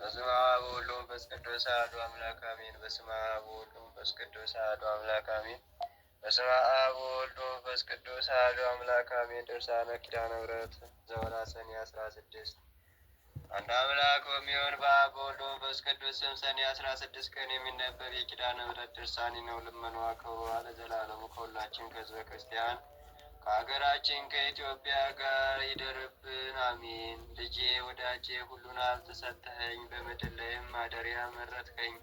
በስመ አብ ወወልድ ወመንፈስ ቅዱስ አሐዱ አምላክ አሜን። በስመ አብ ወወልድ ወመንፈስ ቅዱስ አሐዱ አምላክ አሜን። በስመ አብ ወወልድ ወመንፈስ ቅዱስ አሐዱ አምላክ አሜን። ድርሳነ ኪዳነ ምሕረት ዘወርኃ ሰኔ አስራ ስድስት አንድ አምላክ በሚሆን በአብ በወልድ በመንፈስ ቅዱስ ስም ሰኔ አስራ ስድስት ቀን የሚነበብ የኪዳነ ምሕረት ድርሳኔ ነው። ልመኗ ክብሯ ለዘላለሙ ከሁላችን ከሕዝበ ክርስቲያን ሀገራችን ከኢትዮጵያ ጋር ይደርብን፣ አሜን። ልጄ ወዳጄ ሁሉን አልተሰጠኸኝ፣ በምድር ላይም ማደሪያ መረጥከኝ።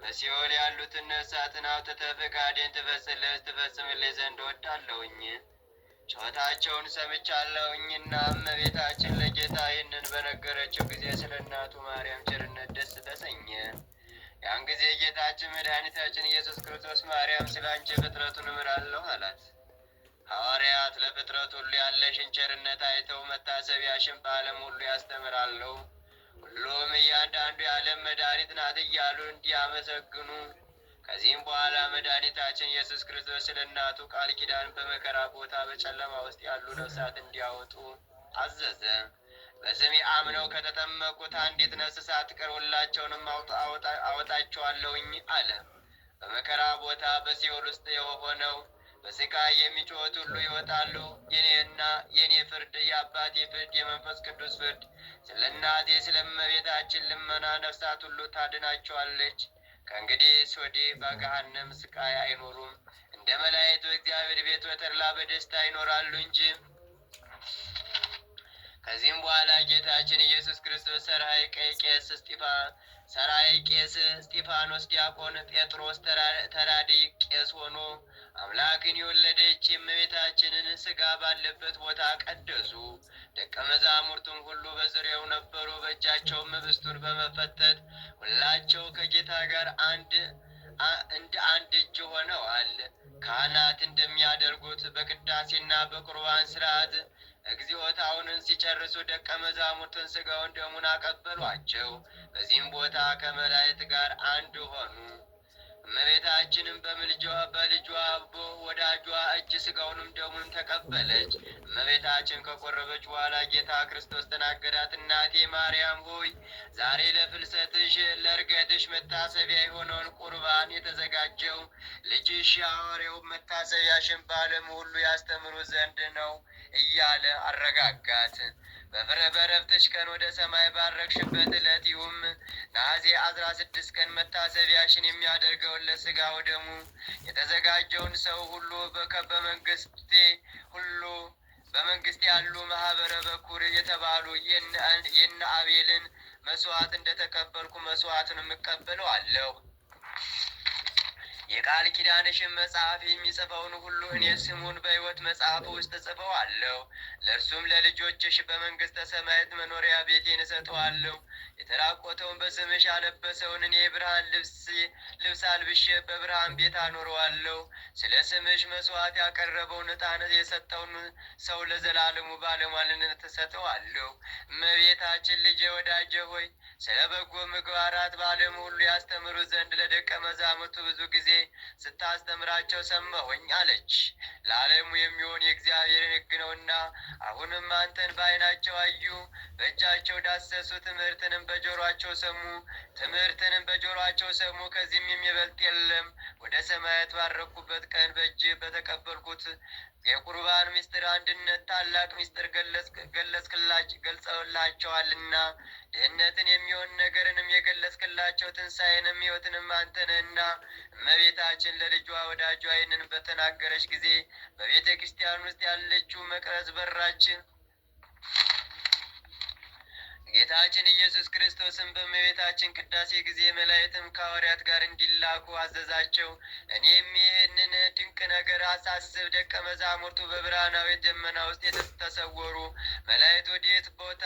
በሲኦል ያሉትን ነፍሳትን አውጥተህ ፈቃዴን ትፈጽምልህ ትፈጽምልህ ዘንድ ወዳለውኝ ጩኸታቸውን ሰምቻለሁኝና እመቤታችን ለጌታ ይህንን በነገረችው ጊዜ ስለ እናቱ ማርያም ቸርነት ደስ ተሰኘ። ያን ጊዜ ጌታችን መድኃኒታችን ኢየሱስ ክርስቶስ ማርያም ስለ አንቺ ፍጥረቱን እምራለሁ አላት። ሐዋርያት ለፍጥረት ሁሉ ያለሽን ቸርነት አይተው መታሰቢያሽን በዓለም ሁሉ ያስተምራለሁ። ሁሉም እያንዳንዱ የዓለም መድኃኒት ናት እያሉ እንዲያመሰግኑ ከዚህም በኋላ መድኃኒታችን ኢየሱስ ክርስቶስ ስለ እናቱ ቃል ኪዳን በመከራ ቦታ በጨለማ ውስጥ ያሉ ነፍሳት እንዲያወጡ አዘዘ። በስሜ አምነው ከተጠመቁት አንዲት ነፍስ ሳትቀር ሁላቸውንም አወጣቸዋለሁኝ አለ። በመከራ ቦታ በሲኦል ውስጥ የሆነው በስቃይ የሚጮኸት ሁሉ ይወጣሉ። የኔና የኔ ፍርድ የአባቴ ፍርድ የመንፈስ ቅዱስ ፍርድ። ስለ እናቴ ስለ እመቤታችን ልመና ነፍሳት ሁሉ ታድናቸዋለች። ከእንግዲህ ወዲህ በገሃነም ስቃይ አይኖሩም። እንደ መላእክት በእግዚአብሔር ቤት በተድላ በደስታ ይኖራሉ እንጂ። ከዚህም በኋላ ጌታችን ኢየሱስ ክርስቶስ ሰራይ ቀይ ቄስ ስጢፋ ሰራይ ቄስ ስጢፋኖስ ዲያቆን ጴጥሮስ ተራድእ ቄስ ሆኖ አምላክን የወለደች የእመቤታችንን ስጋ ባለበት ቦታ ቀደሱ። ደቀ መዛሙርቱም ሁሉ በዙሪያው ነበሩ። በእጃቸውም ኅብስቱን በመፈተት ሁላቸው ከጌታ ጋር አንድ እንደ አንድ እጅ ሆነዋል። ካህናት እንደሚያደርጉት በቅዳሴና በቁርባን ስርዓት እግዚኦታውንን ሲጨርሱ ደቀ መዛሙርትን ስጋውን ደሙን አቀበሏቸው። በዚህም ቦታ ከመላእክት ጋር አንድ ሆኑ። እመቤታችንም በምልጃዋ በልጇ አቦ ወዳጇ እጅ ስጋውንም ደሙን ተቀበለች። እመቤታችን ከቆረበች በኋላ ጌታ ክርስቶስ ተናገዳት እናቴ ማርያም ሆይ ዛሬ ለፍልሰትሽ ለእርገትሽ መታሰቢያ የሆነውን ቁርባን የተዘጋጀው ልጅሽ የሐዋርያው መታሰቢያሽን በዓለም ሁሉ ያስተምሩ ዘንድ ነው እያለ አረጋጋት። በእረፍትሽ ቀን ወደ ሰማይ ባረግሽበት ዕለት ይሁም ነሐሴ አስራ ስድስት ቀን መታሰቢያሽን የሚያደርገውን ለሥጋው ደሙ የተዘጋጀውን ሰው ሁሉ በመንግስቴ ሁሉ በመንግስት ያሉ ማህበረ በኩር የተባሉ የነ አቤልን መስዋዕት እንደተቀበልኩ መስዋዕትን የምቀበለው አለው። የቃል ኪዳንሽን መጽሐፍ የሚጽፈውን ሁሉ እኔ ስሙን በሕይወት መጽሐፍ ውስጥ ጽፈዋለሁ። ለእርሱም ለልጆችሽ በመንግሥተ ሰማያት መኖሪያ ቤቴን እሰጠዋለሁ። የተራቆተውን በስምሽ ያለበሰውን እኔ የብርሃን ልብስ ልብስ አልብሼ በብርሃን ቤት አኖረዋለሁ። ስለ ስምሽ መስዋዕት ያቀረበውን ዕጣን የሰጠውን ሰው ለዘላለሙ ባለሟልነት ተሰጠዋለሁ። እመቤታችን ልጄ ወዳጄ ሆይ ስለ በጎ ምግባራት በዓለም ሁሉ ያስተምሩ ዘንድ ለደቀ መዛሙርቱ ብዙ ጊዜ ስታስተምራቸው ሰማሁኝ አለች። ለዓለሙ የሚሆን የእግዚአብሔርን ሕግ ነውና አሁንም አንተን በዓይናቸው አዩ፣ በእጃቸው ዳሰሱ፣ ትምህርትንም በጆሯቸው ሰሙ፣ ትምህርትንም በጆሯቸው ሰሙ ከዚህም የሚበልጥ የለም። ወደ ሰማይ የተባረኩበት ቀን በእጅ በተቀበልኩት የቁርባን ምስጢር አንድነት ታላቅ ምስጢር ገልጸውላቸዋልና ድህነትን የሚሆን ነገርንም የገለጽክላቸው ትንሣኤንም ሕይወትንም አንተንህና እመቤታችን ለልጇ ወዳጇ ይህንን በተናገረች ጊዜ በቤተ ክርስቲያን ውስጥ ያለችው መቅረዝ በራችን ጌታችን ኢየሱስ ክርስቶስን በእመቤታችን ቅዳሴ ጊዜ መላእክትም ከሐዋርያት ጋር እንዲላኩ አዘዛቸው። እኔም ይህንን ድንቅ ነገር አሳስብ ደቀ መዛሙርቱ በብርሃናዊ ደመና ውስጥ የተተሰወሩ መላእክት ወዴት ቦታ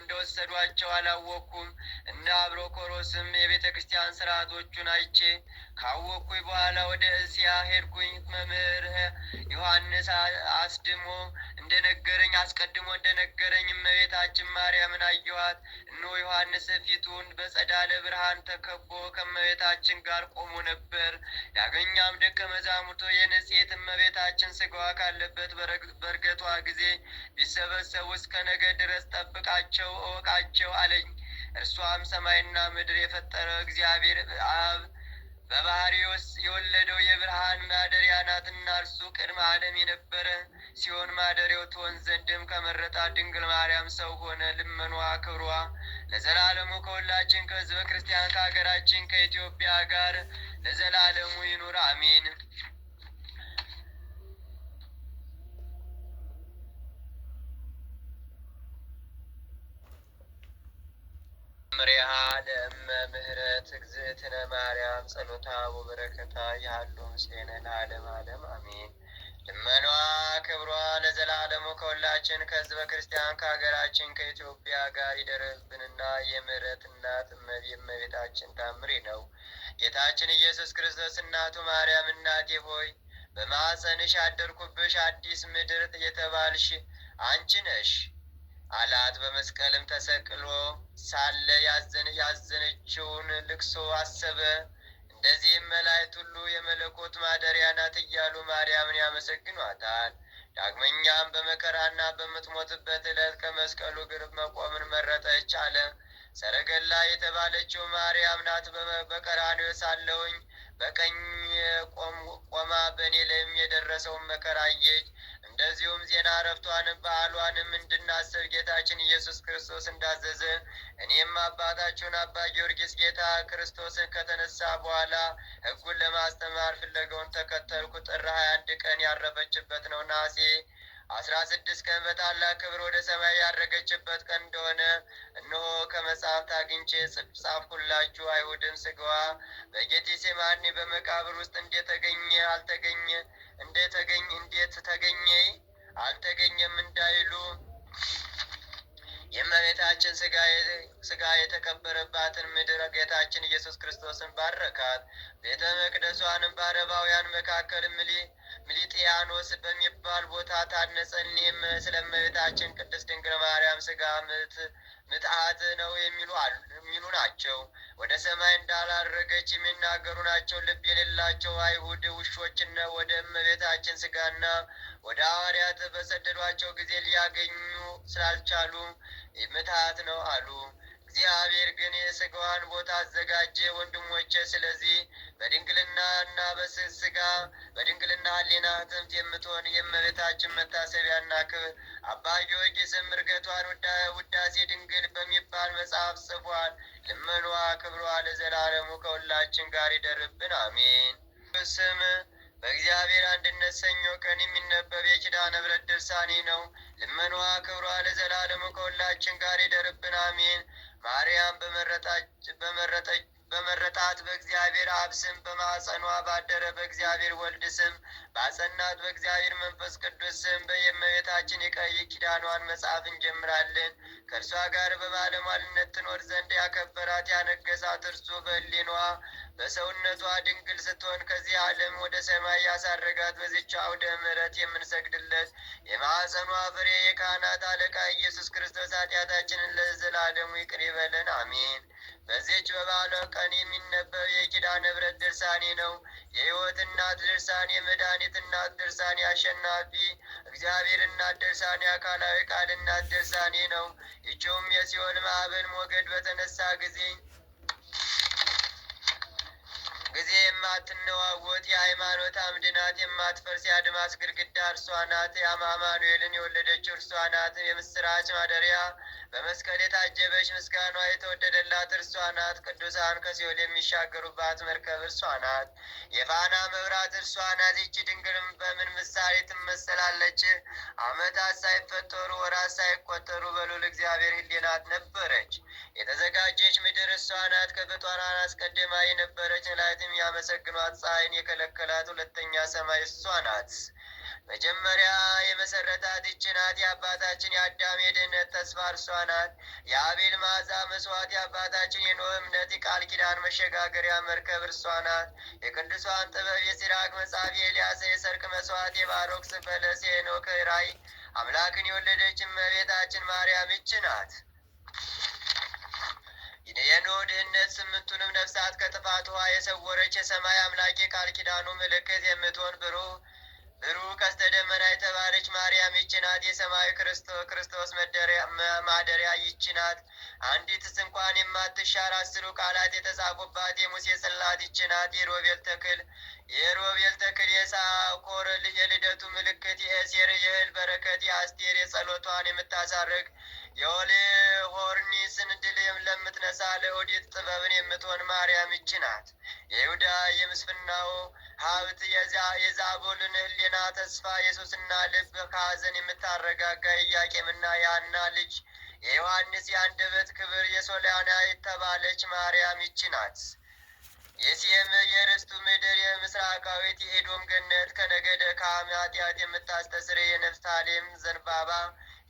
እንደወሰዷቸው አላወቅኩም። እንደ አብሮኮሮስም የቤተ ክርስቲያን ስርዓቶቹን አይቼ ካወቅኩኝ በኋላ ወደ እስያ ሄድኩኝ። መምህር ዮሐንስ አስድሞ እንደነገረኝ አስቀድሞ እንደነገረኝ እመቤታችን ማርያምን አየኋት። እነሆ ዮሐንስ ፊቱን በጸዳለ ብርሃን ተከቦ ከእመቤታችን ጋር ቆሞ ነበር። ያገኛም ደቀ መዛሙርቶ የንጽሕት እመቤታችን ስጋዋ ካለበት በእርገቷ ጊዜ ቢሰበሰቡ እስከ ነገ ድረስ ጠብቃቸው፣ እወቃቸው አለኝ። እርሷም ሰማይና ምድር የፈጠረ እግዚአብሔር አብ በባህሪው የወለደው የብርሃን ማደሪያ ናትና እርሱ ቅድመ ዓለም የነበረ ሲሆን ማደሪያው ትሆን ዘንድም ከመረጣ ድንግል ማርያም ሰው ሆነ። ልመኗ ክብሯ ለዘላለሙ ከሁላችን ከህዝበ ክርስቲያን ከሀገራችን ከኢትዮጵያ ጋር ለዘላለሙ ይኑር፣ አሜን። ወሪሃ ለእመ ምህረት እግዝእትነ ማርያም ጸሎታ ወበረከታ ያሉ ምስሌነ ለዓለም ዓለም አሜን። ልመኗ ክብሯ ለዘላለሙ ከሁላችን ከህዝበ ክርስቲያን ከሀገራችን ከኢትዮጵያ ጋር ይደረብንና የምህረት እናት የእመቤታችን ታምሪ ነው። ጌታችን ኢየሱስ ክርስቶስ እናቱ ማርያም እናቴ ሆይ በማኅፀንሽ ያደርኩብሽ አዲስ ምድር የተባልሽ አንቺ ነሽ አላት። በመስቀልም ተሰቅሎ ሳለ ያዘነችውን ልቅሶ አሰበ። እንደዚህም መላእክት ሁሉ የመለኮት ማደሪያ ናት እያሉ ማርያምን ያመሰግኗታል። ዳግመኛም በመከራና በምትሞትበት ዕለት ከመስቀሉ ግር መቆምን መረጠች አለ። ሰረገላ የተባለችው ማርያም ናት። በቀራንዮ ሳለሁኝ በቀኝ ቆማ በእኔ ላይም የደረሰውን መከራ አየች። እንደዚሁም ዜና እረፍቷን በዓሏንም እንድናስብ ጌታችን ኢየሱስ ክርስቶስ እንዳዘዘ እኔም አባታችሁን አባ ጊዮርጊስ ጌታ ክርስቶስን ከተነሳ በኋላ ሕጉን ለማስተማር ፍለገውን ተከተልኩ። ጥር ሀያ አንድ ቀን ያረፈችበት ነው ናሴ አስራ ስድስት ቀን በታላቅ ክብር ወደ ሰማይ ያረገችበት ቀን እንደሆነ እነሆ ከመጽሐፍት አግኝቼ ጻፍኩላችሁ። አይሁድም ስጋዋ በጌቴሴማኒ በመቃብር ውስጥ እንደተገኘ አልተገኘ እንደተገኘ እንዴት ተገኘ አልተገኘም እንዳይሉ የእመቤታችን ስጋ የተከበረባትን ምድር ጌታችን ኢየሱስ ክርስቶስን ባረካት። ቤተ መቅደሷንም በአረባውያን መካከል ምሊ ሚሊጢያኖስ በሚባል ቦታ ታነጸ። እኔም ስለ እመቤታችን ቅድስት ድንግል ማርያም ስጋ ምትአት ነው የሚሉ ናቸው። ወደ ሰማይ እንዳላረገች የሚናገሩ ናቸው። ልብ የሌላቸው አይሁድ ውሾችን ወደ እመቤታችን ስጋና ወደ ሐዋርያት በሰደዷቸው ጊዜ ሊያገኙ ስላልቻሉ ምትሃት ነው አሉ። እግዚአብሔር ግን የስጋዋን ቦታ አዘጋጀ። ወንድሞቼ ስለዚህ በድንግልና እና በስጋ በድንግልና ሕሊና ትምት የምትሆን የእመቤታችን መታሰቢያና ክብር አባ ጊዮርጊስም ዕርገቷን ውዳሴ ድንግል በሚባል መጽሐፍ ጽፏል። ልመኗ ክብሯ ለዘላለሙ ከሁላችን ጋር ይደርብን፣ አሜን። ስም በእግዚአብሔር አንድነት ሰኞ ቀን የሚነበብ የኪዳነ ምሕረት ድርሳኔ ነው። ልመኗ ክብሯ ለዘላለሙ ከሁላችን ጋር ይደርብን፣ አሜን። ማርያም በመረጣት በእግዚአብሔር አብ ስም በማዕፀኗ ባደረ በእግዚአብሔር ወልድ ስም ባጸናት በእግዚአብሔር መንፈስ ቅዱስ ስም በየመቤታችን የቀይ ኪዳኗን መጽሐፍ እንጀምራለን። ከእርሷ ጋር በባለሟልነት ትኖር ዘንድ ያከበራት ያነገሳት እርሱ በሊኗ በሰውነቷ ድንግል ስትሆን ከዚህ ዓለም ወደ ሰማይ ያሳረጋት በዚች አውደ ምሕረት የምንሰግድለት የማኅፀኗ ፍሬ የካህናት አለቃ ኢየሱስ ክርስቶስ ኃጢአታችንን ለዘላለሙ ይቅር ይበለን፣ አሜን። በዚች በበዓሏ ቀን የሚነበብ የኪዳነ ምሕረት ድርሳኔ ነው። የሕይወት እናት ድርሳኔ የመድኃኒት እናት አሸናፊ እግዚአብሔር እናት ድርሳን፣ አካላዊ ቃል እናት ድርሳኔ ነው። ይችውም የሲኦል ማዕበል ሞገድ በተነሳ ጊዜ ጊዜ የማትነዋወጥ የሃይማኖት አምድ ናት። የማትፈርስ የአድማስ ግድግዳ እርሷ ናት። የአማኑኤልን የወለደችው እርሷ ናት። የምስራች ማደሪያ በመስቀል የታጀበች ምስጋኗ የተወደደላት እርሷ ናት። ቅዱሳን ከሲኦል የሚሻገሩባት መርከብ እርሷ ናት። የፋና መብራት እርሷ ናት። ይቺ ድንግልም በምን ምሳሌ ትመሰላለች? ዓመታት ሳይፈጠሩ ወራት ሳይቆጠሩ በሉል እግዚአብሔር ሕሊናት ነበረች። የተዘጋጀች ምድር እርሷ ናት። ከፍጥረቷ አስቀድማ የነበረች ላይትም ያመሰግኗት፣ ፀሐይን የከለከላት ሁለተኛ ሰማይ እሷ ናት። መጀመሪያ የመሰረታት ይህች ናት። የአባታችን የአዳም የድህነት ተስፋ እርሷ ናት። የአቤል መዓዛ መስዋዕት የአባታችን የኖህ እምነት የቃል ኪዳን መሸጋገሪያ መርከብ እርሷ ናት። የቅዱሷን ጥበብ የሲራክ መጽሐፍ የኤልያስ የሰርክ መስዋዕት የባሮክ ስፈለስ የኖክ ራእይ አምላክን የወለደች እመቤታችን ማርያም ይች ናት። የኖህ ድህነት ስምንቱንም ነፍሳት ከጥፋት ውሃ የሰወረች የሰማይ አምላክ የቃል ኪዳኑ ምልክት የምትሆን ብሩህ ብሩህ ቀስተ ደመና የተባለች ማርያም ይች ናት። የሰማያዊ ክርስቶስ ማደሪያ ይች ናት። አንዲትስ እንኳን የማትሻር አስሩ ቃላት የተጻፉባት የሙሴ ጽላት ይች ናት። የሮቤል ተክል የሮቤል ተክል የሳኮር የልደቱ ምልክት የእሴር የእህል በረከት የአስቴር የጸሎቷን የምታሳርግ የኦሊሆርኒስን ድል ለምትነሳ ለኦዴት ጥበብን የምትሆን ማርያም ይች ናት። የይሁዳ የምስፍናው ሀብት የዛቦልን ህሊና ተስፋ የሱስና ልብ ከሀዘን የምታረጋጋ ኢያቄምና የሐና ልጅ የዮሐንስ የአንደበት ክብር የሶልያና የተባለች ማርያም ይቺ ናት። የሲም የርስቱ ምድር የምስራቃዊት የኤዶም ገነት ከነገደ ከአም ኃጢአት የምታስተስር የንፍታሌም ዘንባባ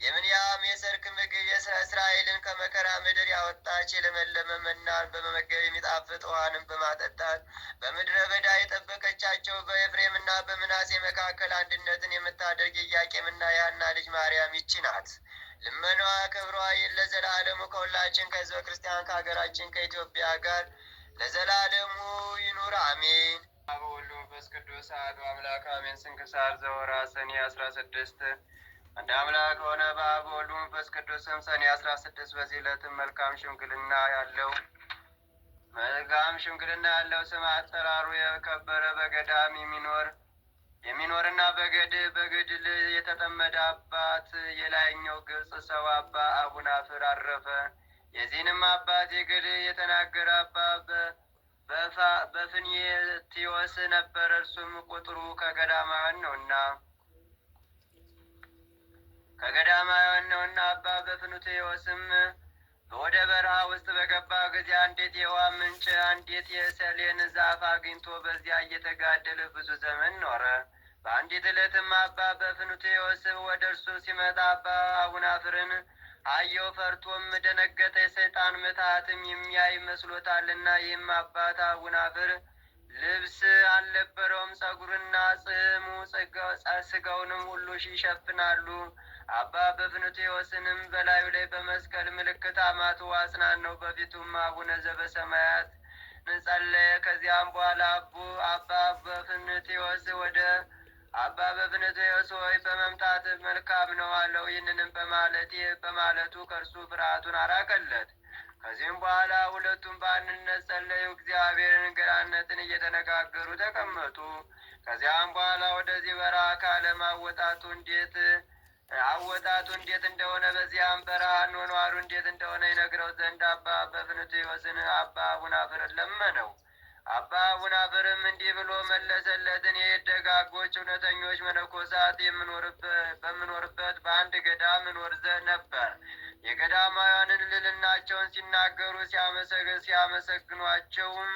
የብንያም የሰርክ ምግብ እስራኤልን ከመከራ ምድር ያወጣች የለመለመ መናን በመመገብ የሚጣፍጥ ውሃንም በማጠጣት በምድረ በዳ የጠበቀቻቸው በኤፍሬምና በምናሴ መካከል አንድነትን የምታደርግ ኢያቄምና የሐና ልጅ ማርያም ይቺ ናት። ልመኗ ክብሯ ለዘላለሙ ከሁላችን ከህዝበ ክርስቲያን ከሀገራችን ከኢትዮጵያ ጋር ለዘላለሙ ይኑር፣ አሜን። አብ ወወልድ ወመንፈስ ቅዱስ አሐዱ አምላክ አሜን። ስንክሳር ዘወርኀ ሰኔ አስራ ስድስት አንድ አምላክ ሆነ በአብ ወልድ መንፈስ ቅዱስም ሰኔ አስራ ስድስት በዚህ ዕለትም መልካም ሽምግልና ያለው መልካም ሽምግልና ያለው ስም አጠራሩ የከበረ በገዳም የሚኖር የሚኖርና በገድ በግድል የተጠመደ አባት የላይኛው ግብፅ ሰው አባ አቡናፍር አረፈ። የዚህንም አባት የግድ የተናገረ አባ በፍንዬ ቲዮስ ነበረ። እርሱም ቁጥሩ ከገዳማውያን ነውና ከገዳማውያን ነውና አባ በፍኑትዮስም ወደ በረሃ ውስጥ በገባ ጊዜ አንዲት የውሃ ምንጭ፣ አንዲት የሰሌን ዛፍ አግኝቶ በዚያ እየተጋደለ ብዙ ዘመን ኖረ። በአንዲት ዕለትም አባ በፍኑትዮስ ወደ እርሱ ሲመጣ አባ አቡናፍርን አየው። ፈርቶም ደነገጠ። የሰይጣን ምትሃትም የሚያይ መስሎታልና። ይህም አባት አቡናፍር ልብስ አልነበረውም። ጸጉርና ጽሕሙ ስጋውንም ሁሉ ይሸፍናሉ። አባ በፍኑትዮስንም በላዩ ላይ በመስቀል ምልክት አማቱ አጽናነው። በፊቱም አቡነ ዘበሰማያት ንጸለየ። ከዚያም በኋላ አቡ አባ በፍኑትዮስ ወደ አባ በፍኑትዮስ ሆይ በመምጣት መልካም ነው አለው። ይህንንም በማለት በማለቱ ከእርሱ ፍርሃቱን አራቀለት። ከዚህም በኋላ ሁለቱም በአንድነት ጸለዩ። እግዚአብሔርን ገናነትን እየተነጋገሩ ተቀመጡ። ከዚያም በኋላ ወደዚህ በረሃ ካለማወጣቱ እንዴት አወጣቱ እንዴት እንደሆነ በዚያም በረሃ ኗኗሩ እንዴት እንደሆነ ይነግረው ዘንድ አባ በፍንቱ ወስን አባ አቡናፍርን ለመነው። አባ አቡናፍርም እንዲህ ብሎ መለሰለት። እኔ ደጋጎች እውነተኞች መነኮሳት በምኖርበት በአንድ ገዳም እኖር ነበር። የገዳማውያንን ልልናቸውን ሲናገሩ ሲያመሰግኗቸውም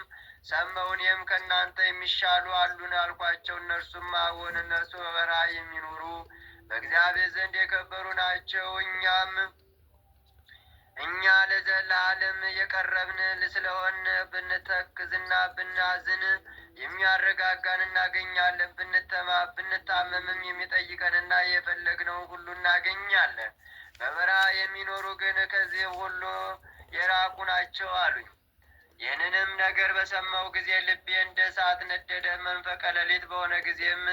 ሰማሁ። እኔም ከእናንተ የሚሻሉ አሉን አልኳቸው። እነርሱም አሁን እነርሱ በበረሃ የሚኖሩ በእግዚአብሔር ዘንድ የከበሩ ናቸው። እኛም እኛ ለዘላለም የቀረብን ስለሆን ብንተክዝና ብናዝን የሚያረጋጋን እናገኛለን። ብንተማ ብንታመምም የሚጠይቀንና የፈለግነው ሁሉ እናገኛለን። በበረሃ የሚኖሩ ግን ከዚህ ሁሉ የራቁ ናቸው አሉኝ። ይህንንም ነገር በሰማው ጊዜ ልቤ እንደ እሳት ነደደ። መንፈቀ ሌሊት በሆነ ጊዜም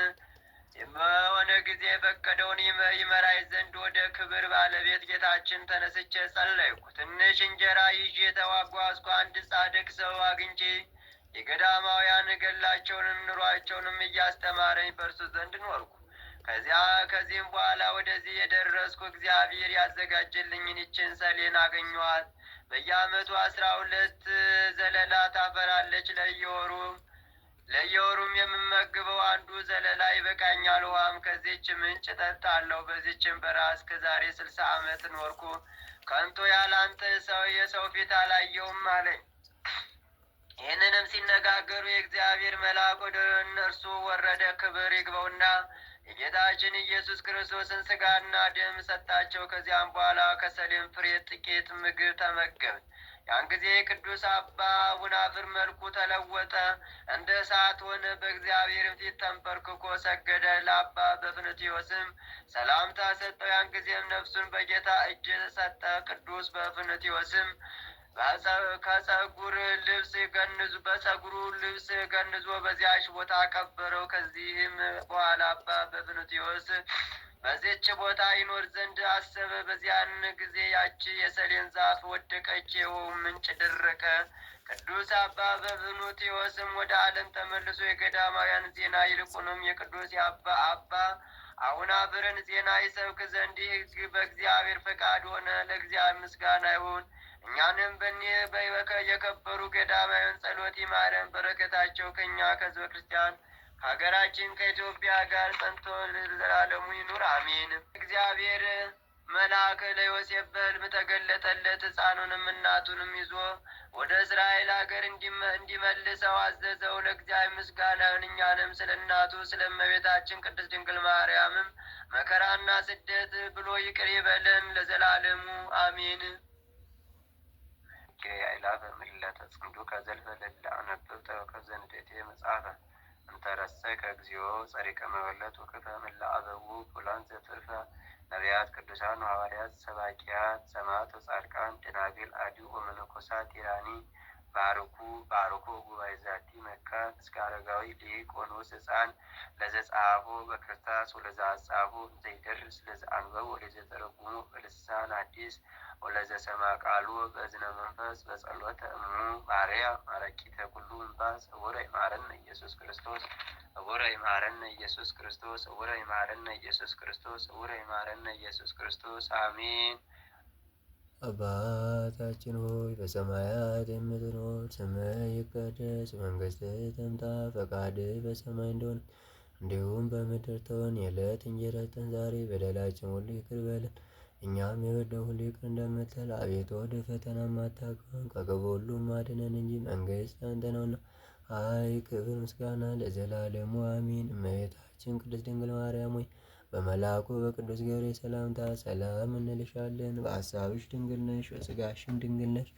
የሆነ ጊዜ የፈቀደውን ይመራይ ዘንድ ወደ ክብር ባለቤት ጌታችን ተነስቼ ጸለይኩ። ትንሽ እንጀራ ይዤ የተጓዝኩ አንድ ጻድቅ ሰው አግኝቼ የገዳማውያን ገላቸውንም ኑሯቸውንም እያስተማረኝ በእርሱ ዘንድ ኖርኩ። ከዚያ ከዚህም በኋላ ወደዚህ የደረስኩ እግዚአብሔር ያዘጋጀልኝን ይችን ሰሌን አገኘኋት። በየዓመቱ አስራ ሁለት ዘለላ ታፈራለች። ለየወሩ ለየወሩም የምመግበው አንዱ ዘለላ ይበቃኛል፣ ውሃም ከዚች ምንጭ ጠጣለሁ። በዚችም በረሃ እስከ ዛሬ ስልሳ ዓመት ኖርኩ፣ ከንቱ ያላንተ ሰው የሰው ፊት አላየውም አለኝ። ይህንንም ሲነጋገሩ የእግዚአብሔር መልአክ ወደ እነርሱ ወረደ። ክብር ይግበውና የጌታችን ኢየሱስ ክርስቶስን ስጋና ደም ሰጣቸው። ከዚያም በኋላ ከሰሌም ፍሬ ጥቂት ምግብ ተመገብ ያን ጊዜ ቅዱስ አባ ቡናፍር መልኩ ተለወጠ፣ እንደ እሳት ሆነ። በእግዚአብሔር ፊት ተንበርክኮ ሰገደ። ለአባ በፍንትዮስም ሰላምታ ሰጠው። ያን ጊዜም ነፍሱን በጌታ እጅ ሰጠ። ቅዱስ በፍንትዮስም ከጸጉር ልብስ ገንዞ በጸጉሩ ልብስ ገንዞ በዚያች ቦታ ቀበረው። ከዚህም በኋላ አባ በፍንትዮስ በዚች ቦታ ይኖር ዘንድ አሰበ። በዚያን ጊዜ ያቺ የሰሌን ዛፍ ወደቀች፣ የውሃውም ምንጭ ደረቀ። ቅዱስ አባ በብኑትዮስም ወደ ዓለም ተመልሶ የገዳማውያን ዜና ይልቁንም የቅዱስ አባ አባ አሁን አብረን ዜና ይሰብክ ዘንድ ይህ በእግዚአብሔር ፈቃድ ሆነ። ለእግዚአብሔር ምስጋና ይሁን። እኛንም በይበከ የከበሩ ገዳማውያን ጸሎት ይማረን። በረከታቸው ከእኛ ከህዝበ ክርስቲያን ሀገራችን ከኢትዮጵያ ጋር ጸንቶ ለዘላለሙ ይኑር አሜን። እግዚአብሔር መልአክ ለዮሴፍ በሕልም ተገለጠለት። ሕፃኑንም እናቱንም ይዞ ወደ እስራኤል አገር እንዲመልሰው አዘዘው። ለእግዚአብሔር ምስጋና ይሁን። እኛንም ስለ እናቱ ስለ እመቤታችን ቅድስት ድንግል ማርያምም መከራና ስደት ብሎ ይቅር ይበለን ለዘላለሙ አሜን። ጌ አይላፈ ምለተ ከዘልፈለላ አነብብ ተከዘንዴቴ መጽሐፈ እንተረሰከ እግዚኦ ጸሪቀ መበለት ወክፈ ምላ አበቡ ፑላን ዘጥፈ ነቢያት ቅዱሳን ሐዋርያት ሰባኪያት ሰማዕት ወጻድቃን ደናግል አዲ መነኮሳት ቲራኒ ባርኩ ባርኮ ጉባኤ ዛቲ መካ እስከ አረጋዊ ዲቆኖስ ህፃን ለዘጻፎ በክርስታስ ወለዘአጻፎ ዘይደርስ ለዘአንበብ ወለዘተረጉሞ በልሳን አዲስ ወለዘሰማ ቃሉ በዝነ መንፈስ በጸሎተ እሙ ማርያ ማረኪተ ኩሉ እምባ ጸውረ ይማረነ ኢየሱስ ክርስቶስ ጸውረ ይማረነ ኢየሱስ ክርስቶስ ጸውረ ይማረነ ኢየሱስ ክርስቶስ ጸውረ ይማረነ ኢየሱስ ክርስቶስ አሜን። አባታችን ሆይ በሰማያት የምትኖር፣ ስምህ ይቀደስ፣ መንግስትህ ትምጣ፣ ፈቃድህ በሰማይ እንደሆነ እንዲሁም በምድር ትሁን። የዕለት እንጀራችንን ዛሬ በደላችን ሁሉ ይቅር በለን እኛም የበደሉንን ሁሉ ይቅር እንደምትል። አቤቱ ወደ ፈተና አታግባን፣ ከክፉ ሁሉ አድነን እንጂ መንግስት ያንተ ነውና፣ ኃይል፣ ክብር፣ ምስጋና ለዘላለሙ አሜን። እመቤታችን ቅድስት ድንግል ማርያም ሆይ በመልአኩ በቅዱስ ገብርኤል ሰላምታ ሰላም እንልሻለን፣ በሐሳብሽ ድንግል ነሽ፣ በሥጋሽም ድንግል ነሽ።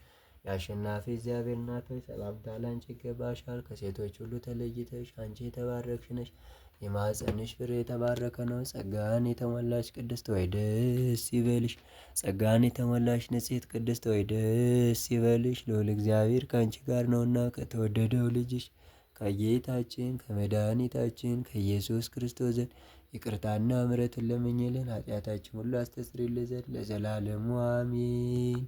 የአሸናፊ እግዚአብሔር እናት ሆይ ሰላምታ ላንቺ ይገባሻል። ከሴቶች ሁሉ ተለይተሽ አንቺ የተባረክሽ ነሽ፣ የማፀንሽ ፍሬ የተባረከ ነው። ጸጋን የተሞላሽ ቅድስት ወይ ደስ ይበልሽ። ጸጋን የተሞላሽ ንጽሕት ቅድስት ወይ ደስ ይበልሽ። ልዑል እግዚአብሔር ከአንቺ ጋር ነውና ከተወደደው ልጅሽ ከጌታችን ከመድኃኒታችን ከኢየሱስ ክርስቶስ ዘንድ ይቅርታና ምሕረትን ለምኝልን ኃጢአታችን ሁሉ አስተስርይልን ዘንድ ለዘላለሙ አሜን።